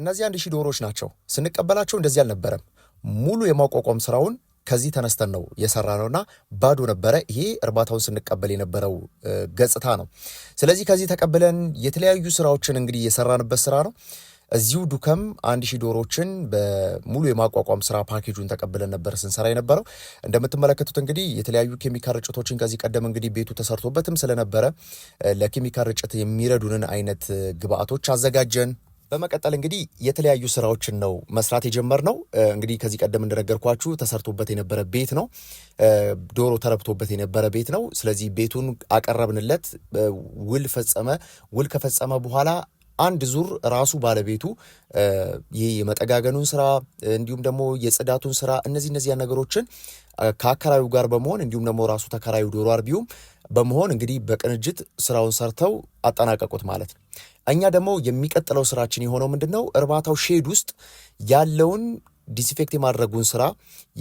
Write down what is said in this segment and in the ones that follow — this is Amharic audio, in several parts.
እነዚህ አንድ ሺህ ዶሮዎች ናቸው። ስንቀበላቸው እንደዚህ አልነበረም። ሙሉ የማቋቋም ስራውን ከዚህ ተነስተን ነው የሰራ ነውና ባዶ ነበረ። ይሄ እርባታውን ስንቀበል የነበረው ገጽታ ነው። ስለዚህ ከዚህ ተቀብለን የተለያዩ ስራዎችን እንግዲህ የሰራንበት ስራ ነው። እዚሁ ዱከም አንድ ሺህ ዶሮዎችን በሙሉ የማቋቋም ስራ ፓኬጁን ተቀብለን ነበር ስንሰራ የነበረው። እንደምትመለከቱት እንግዲህ የተለያዩ ኬሚካል ርጭቶችን ከዚህ ቀደም እንግዲህ ቤቱ ተሰርቶበትም ስለነበረ ለኬሚካል ርጭት የሚረዱንን አይነት ግብአቶች አዘጋጀን። በመቀጠል እንግዲህ የተለያዩ ስራዎችን ነው መስራት የጀመርነው። እንግዲህ ከዚህ ቀደም እንደነገርኳችሁ ተሰርቶበት የነበረ ቤት ነው፣ ዶሮ ተረብቶበት የነበረ ቤት ነው። ስለዚህ ቤቱን አቀረብንለት፣ ውል ፈጸመ። ውል ከፈጸመ በኋላ አንድ ዙር ራሱ ባለቤቱ ይህ የመጠጋገኑን ስራ እንዲሁም ደግሞ የጽዳቱን ስራ እነዚህ እነዚያ ነገሮችን ከአከራዩ ጋር በመሆን እንዲሁም ደግሞ ራሱ ተከራዩ ዶሮ አርቢውም በመሆን እንግዲህ በቅንጅት ስራውን ሰርተው አጠናቀቁት ማለት ነው። እኛ ደግሞ የሚቀጥለው ስራችን የሆነው ምንድን ነው? እርባታው ሼድ ውስጥ ያለውን ዲስፌክት የማድረጉን ስራ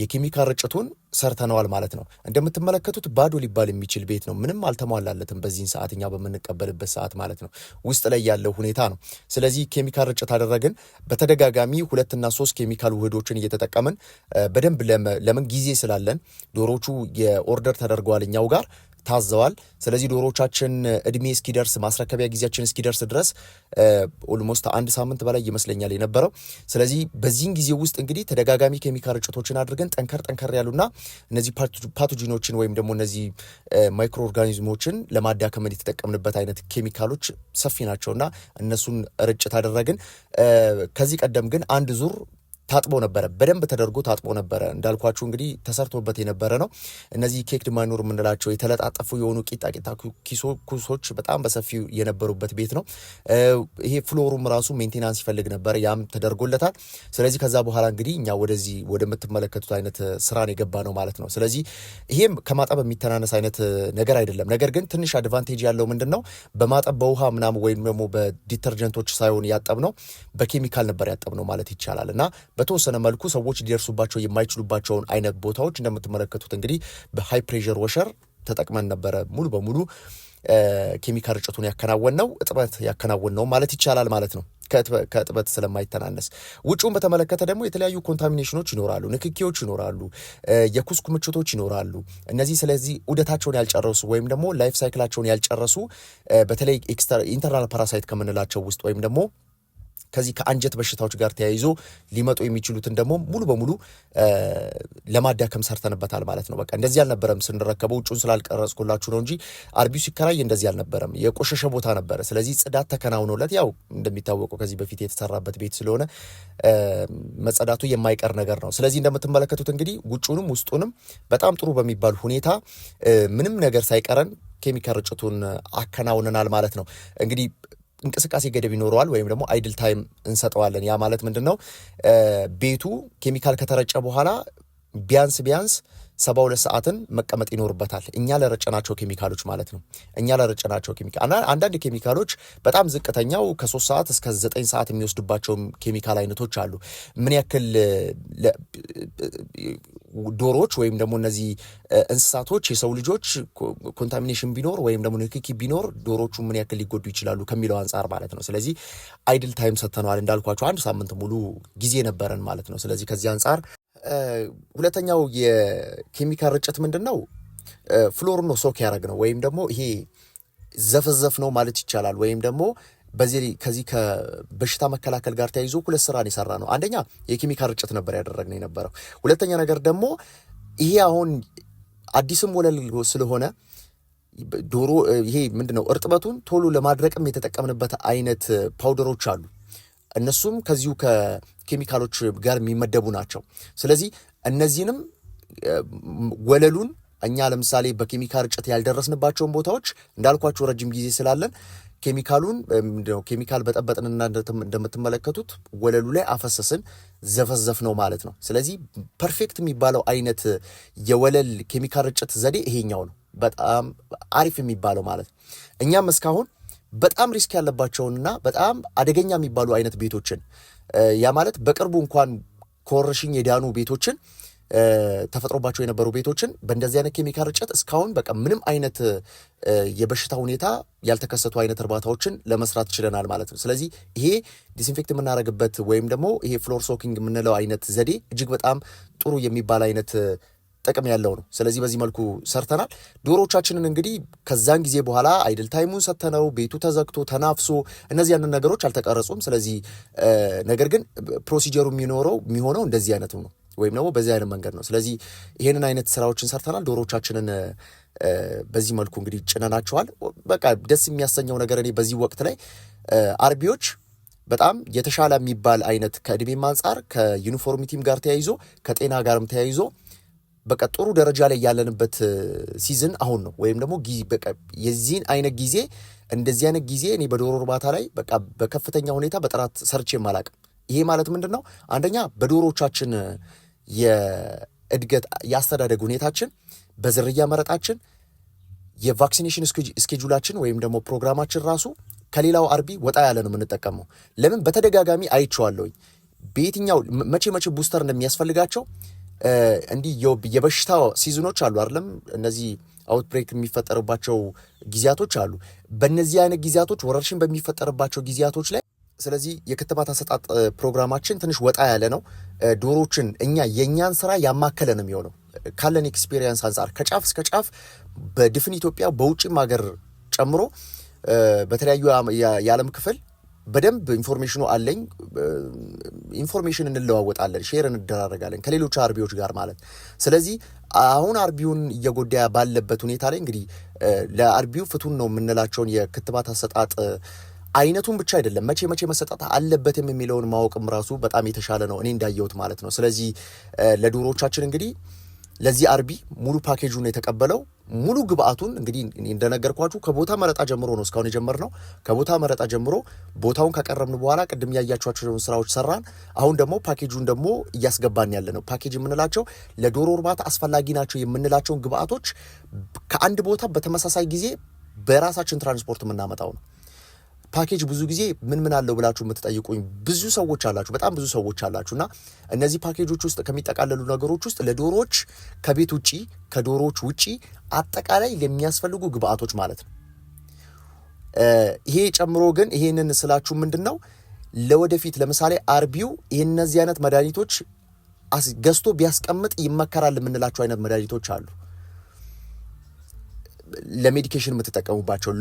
የኬሚካል ርጭቱን ሰርተነዋል ማለት ነው። እንደምትመለከቱት ባዶ ሊባል የሚችል ቤት ነው። ምንም አልተሟላለትም። በዚህን ሰዓት እኛ በምንቀበልበት ሰዓት ማለት ነው ውስጥ ላይ ያለው ሁኔታ ነው። ስለዚህ ኬሚካል ርጭት አደረግን። በተደጋጋሚ ሁለትና ሶስት ኬሚካል ውህዶችን እየተጠቀምን በደንብ ለምን ጊዜ ስላለን ዶሮቹ የኦርደር ተደርገዋል እኛው ጋር ታዘዋል። ስለዚህ ዶሮዎቻችን እድሜ እስኪደርስ ማስረከቢያ ጊዜያችን እስኪደርስ ድረስ ኦልሞስት አንድ ሳምንት በላይ ይመስለኛል የነበረው። ስለዚህ በዚህን ጊዜ ውስጥ እንግዲህ ተደጋጋሚ ኬሚካል ርጭቶችን አድርገን ጠንከር ጠንከር ያሉና እነዚህ ፓቶጂኖችን ወይም ደግሞ እነዚህ ማይክሮ ኦርጋኒዝሞችን ለማዳከመን የተጠቀምንበት አይነት ኬሚካሎች ሰፊ ናቸውና እነሱን ርጭት አደረግን። ከዚህ ቀደም ግን አንድ ዙር ታጥቦ ነበረ። በደንብ ተደርጎ ታጥቦ ነበረ። እንዳልኳችሁ እንግዲህ ተሰርቶበት የነበረ ነው። እነዚህ ኬክድ ማይኖር የምንላቸው የተለጣጠፉ የሆኑ ቂጣቂጣ ኪሶ ኩሶች በጣም በሰፊው የነበሩበት ቤት ነው። ይሄ ፍሎሩም ራሱ ሜንቴናንስ ይፈልግ ነበር፣ ያም ተደርጎለታል። ስለዚህ ከዛ በኋላ እንግዲህ እኛ ወደዚህ ወደምትመለከቱት አይነት ስራን የገባ ነው ማለት ነው። ስለዚህ ይሄም ከማጠብ የሚተናነስ አይነት ነገር አይደለም። ነገር ግን ትንሽ አድቫንቴጅ ያለው ምንድን ነው በማጠብ በውሃ ምናምን ወይም ደግሞ በዲተርጀንቶች ሳይሆን ያጠብ ነው በኬሚካል ነበር ያጠብ ነው ማለት ይቻላል እና በተወሰነ መልኩ ሰዎች ሊደርሱባቸው የማይችሉባቸውን አይነት ቦታዎች እንደምትመለከቱት እንግዲህ በሃይ ፕሬዠር ወሸር ተጠቅመን ነበረ ሙሉ በሙሉ ኬሚካል ርጭቱን ያከናወን ነው እጥበት ያከናወን ነው ማለት ይቻላል ማለት ነው። ከእጥበት ስለማይተናነስ ውጭውን በተመለከተ ደግሞ የተለያዩ ኮንታሚኔሽኖች ይኖራሉ፣ ንክኪዎች ይኖራሉ፣ የኩስኩ ምችቶች ይኖራሉ። እነዚህ ስለዚህ ዑደታቸውን ያልጨረሱ ወይም ደግሞ ላይፍ ሳይክላቸውን ያልጨረሱ በተለይ ኢንተርናል ፓራሳይት ከምንላቸው ውስጥ ወይም ደግሞ ከዚህ ከአንጀት በሽታዎች ጋር ተያይዞ ሊመጡ የሚችሉትን ደግሞ ሙሉ በሙሉ ለማዳከም ሰርተንበታል ማለት ነው። በቃ እንደዚህ አልነበረም ስንረከበው፣ ውጩን ስላልቀረጽኩላችሁ ነው እንጂ አርቢው ሲከራይ እንደዚህ አልነበረም። የቆሸሸ ቦታ ነበረ። ስለዚህ ጽዳት ተከናውኖለት ያው እንደሚታወቀው ከዚህ በፊት የተሰራበት ቤት ስለሆነ መጸዳቱ የማይቀር ነገር ነው። ስለዚህ እንደምትመለከቱት እንግዲህ ውጩንም ውስጡንም በጣም ጥሩ በሚባል ሁኔታ ምንም ነገር ሳይቀረን ኬሚካል ርጭቱን አከናውነናል ማለት ነው እንግዲህ እንቅስቃሴ ገደብ ይኖረዋል ወይም ደግሞ አይድል ታይም እንሰጠዋለን። ያ ማለት ምንድን ነው? ቤቱ ኬሚካል ከተረጨ በኋላ ቢያንስ ቢያንስ ሰባ ሁለት ሰዓትን መቀመጥ ይኖርበታል። እኛ ለረጨናቸው ኬሚካሎች ማለት ነው። እኛ ለረጨናቸው ኬሚካል አንዳንድ ኬሚካሎች በጣም ዝቅተኛው ከሶስት ሰዓት እስከ ዘጠኝ ሰዓት የሚወስዱባቸው ኬሚካል አይነቶች አሉ። ምን ያክል ዶሮዎች ወይም ደግሞ እነዚህ እንስሳቶች የሰው ልጆች ኮንታሚኔሽን ቢኖር ወይም ደግሞ ንክኪ ቢኖር ዶሮቹ ምን ያክል ሊጎዱ ይችላሉ ከሚለው አንጻር ማለት ነው። ስለዚህ አይድል ታይም ሰጥተነዋል እንዳልኳቸው አንድ ሳምንት ሙሉ ጊዜ ነበረን ማለት ነው። ስለዚህ ከዚህ አንጻር ሁለተኛው የኬሚካል ርጭት ምንድን ነው? ፍሎርን ነው ሶክ ያደረግ ነው ወይም ደግሞ ይሄ ዘፈዘፍ ነው ማለት ይቻላል። ወይም ደግሞ በዚህ ከዚህ ከበሽታ መከላከል ጋር ተያይዞ ሁለት ስራን የሰራ ነው። አንደኛ የኬሚካል ርጭት ነበር ያደረግነው የነበረው። ሁለተኛ ነገር ደግሞ ይሄ አሁን አዲስም ወለል ስለሆነ ዶሮ ይሄ ምንድነው እርጥበቱን ቶሎ ለማድረቅም የተጠቀምንበት አይነት ፓውደሮች አሉ። እነሱም ከዚሁ ኬሚካሎች ጋር የሚመደቡ ናቸው። ስለዚህ እነዚህንም ወለሉን እኛ ለምሳሌ በኬሚካል ርጭት ያልደረስንባቸውን ቦታዎች እንዳልኳቸው ረጅም ጊዜ ስላለን ኬሚካሉን ኬሚካል በጠበጥንና እንደምትመለከቱት ወለሉ ላይ አፈሰስን ዘፈዘፍ ነው ማለት ነው። ስለዚህ ፐርፌክት የሚባለው አይነት የወለል ኬሚካል ርጭት ዘዴ ይሄኛው ነው፣ በጣም አሪፍ የሚባለው ማለት ነው። እኛም እስካሁን በጣም ሪስክ ያለባቸውንና በጣም አደገኛ የሚባሉ አይነት ቤቶችን ያ ማለት በቅርቡ እንኳን ኮርሽኝ የዳኑ ቤቶችን ተፈጥሮባቸው የነበሩ ቤቶችን በእንደዚህ አይነት ኬሚካል ርጭት እስካሁን በቃ ምንም አይነት የበሽታ ሁኔታ ያልተከሰቱ አይነት እርባታዎችን ለመስራት ችለናል ማለት ነው። ስለዚህ ይሄ ዲስኢንፌክት የምናደርግበት ወይም ደግሞ ይሄ ፍሎር ሶኪንግ የምንለው አይነት ዘዴ እጅግ በጣም ጥሩ የሚባል አይነት ጥቅም ያለው ነው። ስለዚህ በዚህ መልኩ ሰርተናል። ዶሮቻችንን እንግዲህ ከዛን ጊዜ በኋላ አይድል ታይሙን ሰተነው ቤቱ ተዘግቶ ተናፍሶ እነዚህ ያንን ነገሮች አልተቀረጹም። ስለዚህ ነገር ግን ፕሮሲጀሩ የሚኖረው የሚሆነው እንደዚህ አይነት ነው ወይም ደግሞ በዚህ አይነት መንገድ ነው። ስለዚህ ይህንን አይነት ስራዎችን ሰርተናል። ዶሮቻችንን በዚህ መልኩ እንግዲህ ጭነናቸዋል። በቃ ደስ የሚያሰኘው ነገር እኔ በዚህ ወቅት ላይ አርቢዎች በጣም የተሻለ የሚባል አይነት ከእድሜም አንጻር ከዩኒፎርሚቲም ጋር ተያይዞ ከጤና ጋርም ተያይዞ በቃ ጥሩ ደረጃ ላይ ያለንበት ሲዝን አሁን ነው። ወይም ደግሞ የዚህን አይነት ጊዜ እንደዚህ አይነት ጊዜ እኔ በዶሮ እርባታ ላይ በቃ በከፍተኛ ሁኔታ በጥራት ሰርቼ አላቅም። ይሄ ማለት ምንድን ነው? አንደኛ በዶሮቻችን የእድገት የአስተዳደግ ሁኔታችን፣ በዝርያ መረጣችን፣ የቫክሲኔሽን እስኬጁላችን ወይም ደግሞ ፕሮግራማችን ራሱ ከሌላው አርቢ ወጣ ያለ ነው የምንጠቀመው። ለምን በተደጋጋሚ አይቼዋለሁኝ። በየትኛው መቼ መቼ ቡስተር እንደሚያስፈልጋቸው እንዲህ የበሽታ ሲዝኖች አሉ አይደለም? እነዚህ አውትብሬክ የሚፈጠርባቸው ጊዜያቶች አሉ። በእነዚህ አይነት ጊዜያቶች ወረርሽኝ በሚፈጠርባቸው ጊዜያቶች ላይ ስለዚህ የክትባት አሰጣጥ ፕሮግራማችን ትንሽ ወጣ ያለ ነው። ዶሮችን እኛ የእኛን ስራ ያማከለ ነው የሚሆነው ካለን ኤክስፔሪየንስ አንጻር ከጫፍ እስከ ጫፍ በድፍን ኢትዮጵያ በውጭም ሀገር ጨምሮ በተለያዩ የዓለም ክፍል በደንብ ኢንፎርሜሽኑ አለኝ። ኢንፎርሜሽን እንለዋወጣለን፣ ሼር እንደራረጋለን ከሌሎች አርቢዎች ጋር ማለት። ስለዚህ አሁን አርቢውን እየጎዳ ባለበት ሁኔታ ላይ እንግዲህ ለአርቢው ፍቱን ነው የምንላቸውን የክትባት አሰጣጥ አይነቱን ብቻ አይደለም መቼ መቼ መሰጣት አለበትም የሚለውን ማወቅም ራሱ በጣም የተሻለ ነው እኔ እንዳየሁት ማለት ነው። ስለዚህ ለዶሮዎቻችን እንግዲህ ለዚህ አርቢ ሙሉ ፓኬጁን የተቀበለው ሙሉ ግብአቱን እንግዲህ እንደነገርኳችሁ ከቦታ መረጣ ጀምሮ ነው እስካሁን የጀመርነው። ከቦታ መረጣ ጀምሮ ቦታውን ከቀረብን በኋላ ቅድም ያያችኋቸውን ስራዎች ሰራን። አሁን ደግሞ ፓኬጁን ደግሞ እያስገባን ያለ ነው። ፓኬጅ የምንላቸው ለዶሮ እርባታ አስፈላጊ ናቸው የምንላቸውን ግብአቶች ከአንድ ቦታ በተመሳሳይ ጊዜ በራሳችን ትራንስፖርት የምናመጣው ነው። ፓኬጅ ብዙ ጊዜ ምን ምን አለው ብላችሁ የምትጠይቁኝ ብዙ ሰዎች አላችሁ፣ በጣም ብዙ ሰዎች አላችሁ እና እነዚህ ፓኬጆች ውስጥ ከሚጠቃለሉ ነገሮች ውስጥ ለዶሮዎች ከቤት ውጪ ከዶሮዎች ውጪ አጠቃላይ የሚያስፈልጉ ግብአቶች ማለት ነው። ይሄ ጨምሮ ግን ይሄንን ስላችሁ ምንድን ነው ለወደፊት ለምሳሌ አርቢው የእነዚህ አይነት መድኃኒቶች ገዝቶ ቢያስቀምጥ ይመከራል የምንላቸው አይነት መድኃኒቶች አሉ። ለሜዲኬሽን የምትጠቀሙባቸው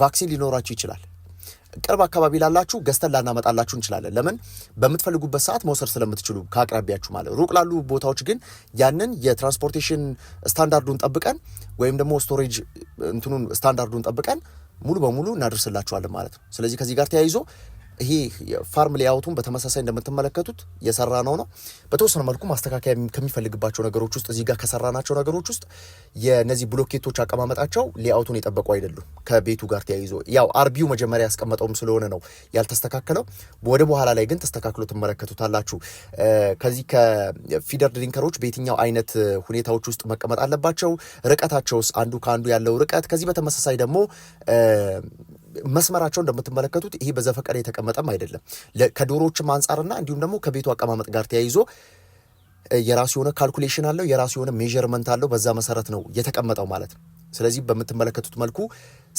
ቫክሲን ሊኖራችሁ ይችላል። ቅርብ አካባቢ ላላችሁ ገዝተን ላናመጣላችሁ እንችላለን። ለምን በምትፈልጉበት ሰዓት መውሰድ ስለምትችሉ ከአቅራቢያችሁ ማለት። ሩቅ ላሉ ቦታዎች ግን ያንን የትራንስፖርቴሽን ስታንዳርዱን ጠብቀን ወይም ደግሞ ስቶሬጅ እንትኑን ስታንዳርዱን ጠብቀን ሙሉ በሙሉ እናደርስላችኋለን ማለት ነው። ስለዚህ ከዚህ ጋር ተያይዞ ይሄ ፋርም ሌያውቱን በተመሳሳይ እንደምትመለከቱት የሰራ ነው ነው በተወሰነ መልኩ ማስተካከያ ከሚፈልግባቸው ነገሮች ውስጥ እዚህ ጋር ከሰራናቸው ነገሮች ውስጥ የነዚህ ብሎኬቶች አቀማመጣቸው ሌያውቱን የጠበቁ አይደሉም። ከቤቱ ጋር ተያይዞ ያው አርቢው መጀመሪያ ያስቀመጠውም ስለሆነ ነው ያልተስተካከለው። ወደ በኋላ ላይ ግን ተስተካክሎ ትመለከቱታላችሁ። ከዚህ ከፊደር ድሪንከሮች በየትኛው አይነት ሁኔታዎች ውስጥ መቀመጥ አለባቸው፣ ርቀታቸውስ አንዱ ከአንዱ ያለው ርቀት ከዚህ በተመሳሳይ ደግሞ መስመራቸው እንደምትመለከቱት ይሄ በዘፈቀደ የተቀመጠም አይደለም። ከዶሮዎችም አንጻርና እንዲሁም ደግሞ ከቤቱ አቀማመጥ ጋር ተያይዞ የራሱ የሆነ ካልኩሌሽን አለው፣ የራሱ የሆነ ሜርመንት አለው። በዛ መሰረት ነው የተቀመጠው ማለት ነው። ስለዚህ በምትመለከቱት መልኩ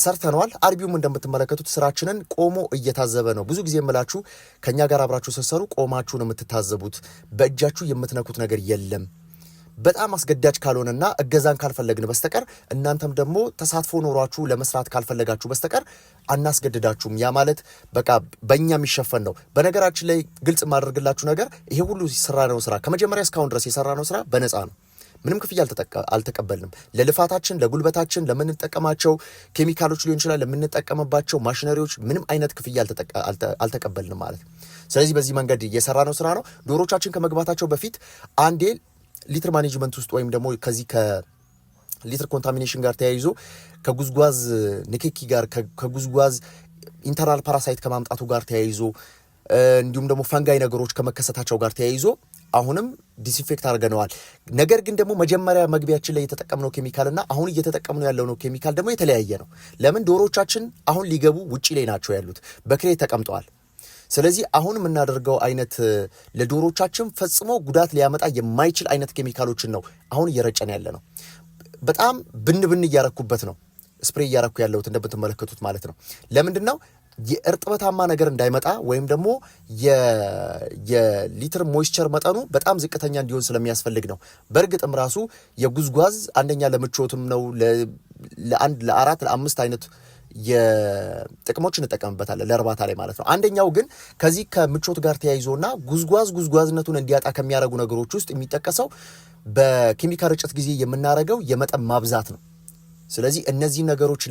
ሰርተነዋል። አርቢውም እንደምትመለከቱት ስራችንን ቆሞ እየታዘበ ነው። ብዙ ጊዜ የምላችሁ ከእኛ ጋር አብራችሁ ስትሰሩ ቆማችሁን የምትታዘቡት በእጃችሁ የምትነኩት ነገር የለም። በጣም አስገዳጅ ካልሆነና እገዛን ካልፈለግን በስተቀር እናንተም ደግሞ ተሳትፎ ኖሯችሁ ለመስራት ካልፈለጋችሁ በስተቀር አናስገድዳችሁም። ያ ማለት በቃ በእኛ የሚሸፈን ነው። በነገራችን ላይ ግልጽ የማደርግላችሁ ነገር ይሄ ሁሉ ነው ስራ ከመጀመሪያ እስካሁን ድረስ የሰራነው ስራ በነፃ ነው። ምንም ክፍያ አልተቀበልንም። ለልፋታችን፣ ለጉልበታችን፣ ለምንጠቀማቸው ኬሚካሎች ሊሆን ይችላል፣ ለምንጠቀምባቸው ማሽነሪዎች ምንም አይነት ክፍያ አልተቀበልንም ማለት። ስለዚህ በዚህ መንገድ ነው ስራ ነው። ዶሮቻችን ከመግባታቸው በፊት አንዴ ሊትር ማኔጅመንት ውስጥ ወይም ደግሞ ከዚህ ከሊትር ኮንታሚኔሽን ጋር ተያይዞ ከጉዝጓዝ ንክኪ ጋር ከጉዝጓዝ ኢንተርናል ፓራሳይት ከማምጣቱ ጋር ተያይዞ እንዲሁም ደግሞ ፈንጋይ ነገሮች ከመከሰታቸው ጋር ተያይዞ አሁንም ዲስኢንፌክት አድርገነዋል። ነገር ግን ደግሞ መጀመሪያ መግቢያችን ላይ የተጠቀምነው ኬሚካል እና አሁን እየተጠቀምነው ያለው ነው ኬሚካል ደግሞ የተለያየ ነው። ለምን ዶሮቻችን አሁን ሊገቡ ውጪ ላይ ናቸው ያሉት፣ በክሬት ተቀምጠዋል። ስለዚህ አሁን የምናደርገው አይነት ለዶሮቻችን ፈጽሞ ጉዳት ሊያመጣ የማይችል አይነት ኬሚካሎችን ነው አሁን እየረጨን ያለ ነው። በጣም ብን ብን እያረኩበት ነው ስፕሬ እያረኩ ያለሁት እንደምትመለከቱት ማለት ነው። ለምንድን ነው የእርጥበታማ ነገር እንዳይመጣ ወይም ደግሞ የሊትር ሞይስቸር መጠኑ በጣም ዝቅተኛ እንዲሆን ስለሚያስፈልግ ነው። በእርግጥም ራሱ የጉዝጓዝ አንደኛ ለምቾትም ነው ለአንድ ለአራት ለአምስት አይነት የጥቅሞች እንጠቀምበታለን ለእርባታ ላይ ማለት ነው። አንደኛው ግን ከዚህ ከምቾት ጋር ተያይዞና ጉዝጓዝ ጉዝጓዝነቱን እንዲያጣ ከሚያደርጉ ነገሮች ውስጥ የሚጠቀሰው በኬሚካል ርጭት ጊዜ የምናደርገው የመጠን ማብዛት ነው። ስለዚህ እነዚህን ነገሮች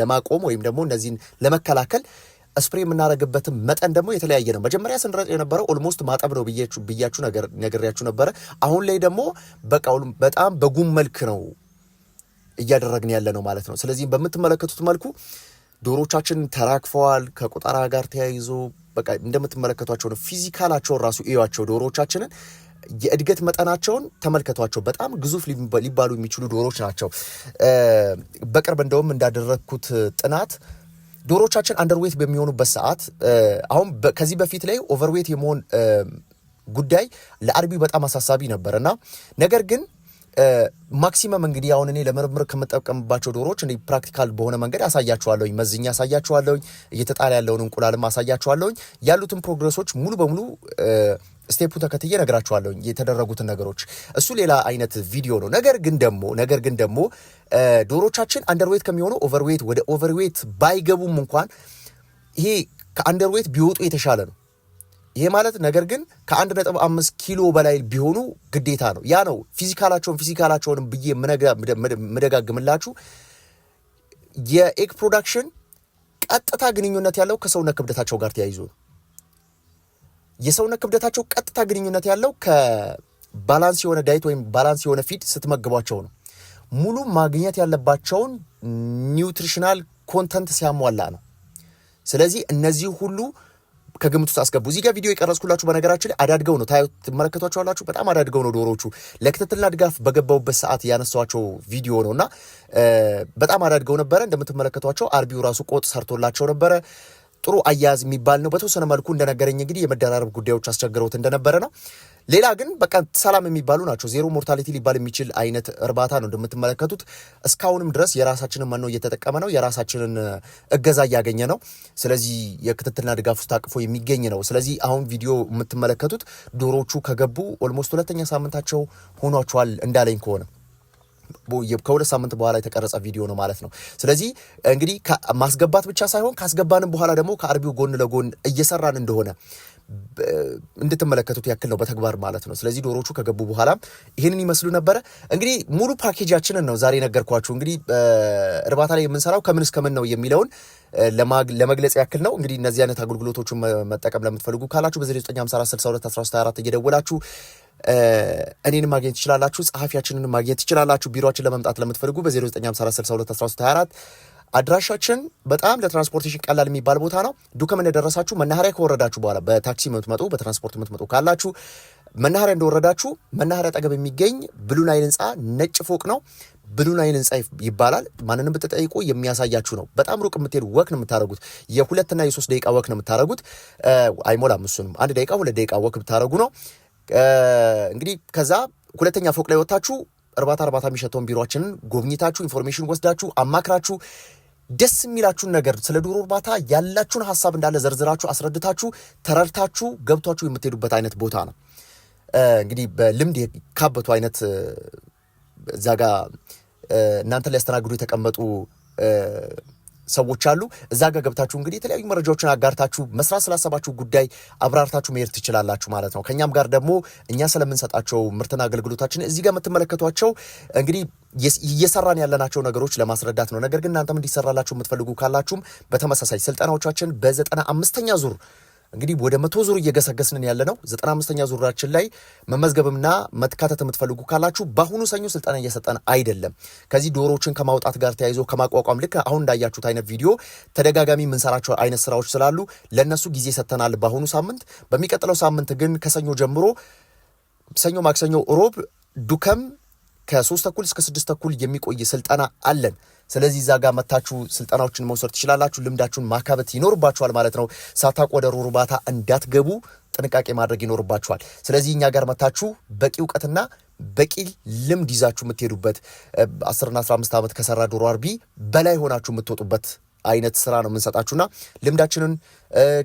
ለማቆም ወይም ደግሞ እነዚህን ለመከላከል ስፕሬ የምናደርግበትን መጠን ደግሞ የተለያየ ነው። መጀመሪያ ስንረጥ የነበረው ኦልሞስት ማጠብ ነው ብያችሁ ነግሬያችሁ ነበረ። አሁን ላይ ደግሞ በቃ በጣም በጉም መልክ ነው እያደረግን ያለ ነው ማለት ነው። ስለዚህም በምትመለከቱት መልኩ ዶሮቻችን ተራክፈዋል። ከቁጠራ ጋር ተያይዞ በቃ እንደምትመለከቷቸው ነው። ፊዚካላቸውን ራሱ እዩዋቸው። ዶሮቻችንን የእድገት መጠናቸውን ተመልከቷቸው። በጣም ግዙፍ ሊባሉ የሚችሉ ዶሮች ናቸው። በቅርብ እንደውም እንዳደረግኩት ጥናት ዶሮቻችን አንደርዌት በሚሆኑበት ሰዓት አሁን ከዚህ በፊት ላይ ኦቨርዌት የመሆን ጉዳይ ለአርቢው በጣም አሳሳቢ ነበር እና ነገር ግን ማክሲመም እንግዲህ አሁን እኔ ለምርምር ከምጠቀምባቸው ዶሮዎች እንዲህ ፕራክቲካል በሆነ መንገድ አሳያችኋለሁኝ። መዝኛ አሳያችኋለሁኝ። እየተጣለ ያለውን እንቁላልም አሳያችኋለሁኝ። ያሉትን ፕሮግረሶች ሙሉ በሙሉ ስቴፑን ተከትዬ ነግራችኋለሁኝ የተደረጉትን ነገሮች። እሱ ሌላ አይነት ቪዲዮ ነው። ነገር ግን ደግሞ ነገር ግን ደግሞ ዶሮቻችን አንደርዌት ከሚሆኑ ኦቨርዌት ወደ ኦቨርዌት ባይገቡም እንኳን ይሄ ከአንደርዌት ቢወጡ የተሻለ ነው። ይሄ ማለት ነገር ግን ከአንድ ነጥብ አምስት ኪሎ በላይ ቢሆኑ ግዴታ ነው። ያ ነው ፊዚካላቸውን ፊዚካላቸውንም ብዬ ምደጋግምላችሁ የኤግ ፕሮዳክሽን ቀጥታ ግንኙነት ያለው ከሰውነት ክብደታቸው ጋር ተያይዞ ነው። የሰውነት ክብደታቸው ቀጥታ ግንኙነት ያለው ከባላንስ የሆነ ዳይት ወይም ባላንስ የሆነ ፊድ ስትመግቧቸው ነው። ሙሉ ማግኘት ያለባቸውን ኒውትሪሽናል ኮንተንት ሲያሟላ ነው። ስለዚህ እነዚህ ሁሉ ከግምት ውስጥ አስገቡ። እዚህ ጋር ቪዲዮ የቀረጽኩላችሁ በነገራችን ላይ አዳድገው ነው ታዩ ትመለከቷቸዋላችሁ። በጣም አዳድገው ነው ዶሮዎቹ። ለክትትልና ድጋፍ በገባውበት ሰዓት ያነሷቸው ቪዲዮ ነው እና በጣም አዳድገው ነበረ። እንደምትመለከቷቸው አርቢው ራሱ ቆጥ ሰርቶላቸው ነበረ። ጥሩ አያያዝ የሚባል ነው። በተወሰነ መልኩ እንደነገረኝ እንግዲህ የመደራረብ ጉዳዮች አስቸግረውት እንደነበረ ነው። ሌላ ግን በቃ ሰላም የሚባሉ ናቸው። ዜሮ ሞርታሊቲ ሊባል የሚችል አይነት እርባታ ነው እንደምትመለከቱት። እስካሁንም ድረስ የራሳችንን መኖ እየተጠቀመ ነው። የራሳችንን እገዛ እያገኘ ነው። ስለዚህ የክትትልና ድጋፍ ውስጥ አቅፎ የሚገኝ ነው። ስለዚህ አሁን ቪዲዮ የምትመለከቱት ዶሮቹ ከገቡ ኦልሞስት ሁለተኛ ሳምንታቸው ሆኗቸዋል እንዳለኝ ከሆነ ከሁለት ሳምንት በኋላ የተቀረጸ ቪዲዮ ነው ማለት ነው። ስለዚህ እንግዲህ ማስገባት ብቻ ሳይሆን ካስገባንም በኋላ ደግሞ ከአርቢው ጎን ለጎን እየሰራን እንደሆነ እንድትመለከቱት ያክል ነው በተግባር ማለት ነው። ስለዚህ ዶሮቹ ከገቡ በኋላ ይህንን ይመስሉ ነበረ። እንግዲህ ሙሉ ፓኬጃችንን ነው ዛሬ ነገርኳችሁ። እንግዲህ እርባታ ላይ የምንሰራው ከምን እስከምን ነው የሚለውን ለመግለጽ ያክል ነው። እንግዲህ እነዚህ አይነት አገልግሎቶቹን መጠቀም ለምትፈልጉ ካላችሁ በ0954 62 13 24 እየደወላችሁ እኔንም ማግኘት ትችላላችሁ፣ ጸሐፊያችንን ማግኘት ትችላላችሁ። ቢሮችን ለመምጣት ለምትፈልጉ በ0954621324 አድራሻችን በጣም ለትራንስፖርቴሽን ቀላል የሚባል ቦታ ነው። ዱከም እንደደረሳችሁ መናኸሪያ ከወረዳችሁ በኋላ በታክሲ የምትመጡ በትራንስፖርት የምትመጡ ካላችሁ መናኸሪያ እንደወረዳችሁ መናኸሪያ አጠገብ የሚገኝ ብሉ ህንፃ ነጭ ፎቅ ነው። ብሉ ህንፃ ይባላል። ማንንም ብትጠይቁ የሚያሳያችሁ ነው። በጣም ሩቅ የምትሄዱ ወክ ነው የምታደረጉት። የሁለትና የሶስት ደቂቃ ወክ ነው የምታደረጉት። አይሞላም። እሱንም አንድ ደቂቃ ሁለት ደቂቃ ወክ ብታደረጉ ነው እንግዲህ ከዛ ሁለተኛ ፎቅ ላይ ወጥታችሁ እርባታ እርባታ የሚሸተውን ቢሮችንን ጎብኝታችሁ ኢንፎርሜሽን ወስዳችሁ አማክራችሁ ደስ የሚላችሁን ነገር ስለ ዶሮ እርባታ ያላችሁን ሀሳብ እንዳለ ዘርዝራችሁ አስረድታችሁ ተረድታችሁ ገብቷችሁ የምትሄዱበት አይነት ቦታ ነው። እንግዲህ በልምድ የካበቱ አይነት እዛ ጋ እናንተ ሊያስተናግዱ የተቀመጡ ሰዎች አሉ። እዛ ጋር ገብታችሁ እንግዲህ የተለያዩ መረጃዎችን አጋርታችሁ መስራት ስላሰባችሁ ጉዳይ አብራርታችሁ መሄድ ትችላላችሁ ማለት ነው። ከእኛም ጋር ደግሞ እኛ ስለምንሰጣቸው ምርትና አገልግሎታችን እዚህ ጋር የምትመለከቷቸው እንግዲህ እየሰራን ያለናቸው ነገሮች ለማስረዳት ነው። ነገር ግን እናንተም እንዲሰራላችሁ የምትፈልጉ ካላችሁም በተመሳሳይ ስልጠናዎቻችን በዘጠና አምስተኛ ዙር እንግዲህ ወደ መቶ ዙር እየገሰገስንን ያለ ነው። ዘጠና አምስተኛ ዙራችን ላይ መመዝገብምና መትካተት የምትፈልጉ ካላችሁ በአሁኑ ሰኞ ስልጠና እየሰጠን አይደለም። ከዚህ ዶሮዎችን ከማውጣት ጋር ተያይዞ ከማቋቋም ልክ አሁን እንዳያችሁት አይነት ቪዲዮ ተደጋጋሚ የምንሰራቸው አይነት ስራዎች ስላሉ ለእነሱ ጊዜ ሰጥተናል በአሁኑ ሳምንት። በሚቀጥለው ሳምንት ግን ከሰኞ ጀምሮ ሰኞ፣ ማክሰኞ፣ ሮብ ዱከም ከሶስት ተኩል እስከ ስድስት ተኩል የሚቆይ ስልጠና አለን። ስለዚህ እዛ ጋር መታችሁ ስልጠናዎችን መውሰድ ትችላላችሁ። ልምዳችሁን ማካበት ይኖርባችኋል ማለት ነው። ሳታውቁ ወደ ዶሮ እርባታ እንዳትገቡ ጥንቃቄ ማድረግ ይኖርባችኋል። ስለዚህ እኛ ጋር መታችሁ በቂ እውቀትና በቂ ልምድ ይዛችሁ የምትሄዱበት አስርና አስራ አምስት ዓመት ከሰራ ዶሮ አርቢ በላይ ሆናችሁ የምትወጡበት አይነት ስራ ነው የምንሰጣችሁና ልምዳችንን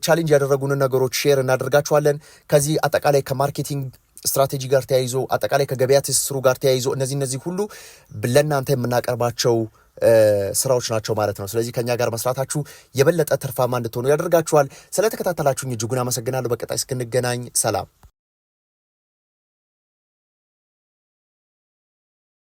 ቻሌንጅ ያደረጉንን ነገሮች ሼር እናደርጋችኋለን። ከዚህ አጠቃላይ ከማርኬቲንግ ስትራቴጂ ጋር ተያይዞ አጠቃላይ ከገበያ ትስስሩ ጋር ተያይዞ እነዚህ እነዚህ ሁሉ ለእናንተ የምናቀርባቸው ስራዎች ናቸው ማለት ነው። ስለዚህ ከኛ ጋር መስራታችሁ የበለጠ ትርፋማ እንድትሆኑ ያደርጋችኋል። ስለተከታተላችሁኝ እጅጉን አመሰግናለሁ። በቀጣይ እስክንገናኝ ሰላም።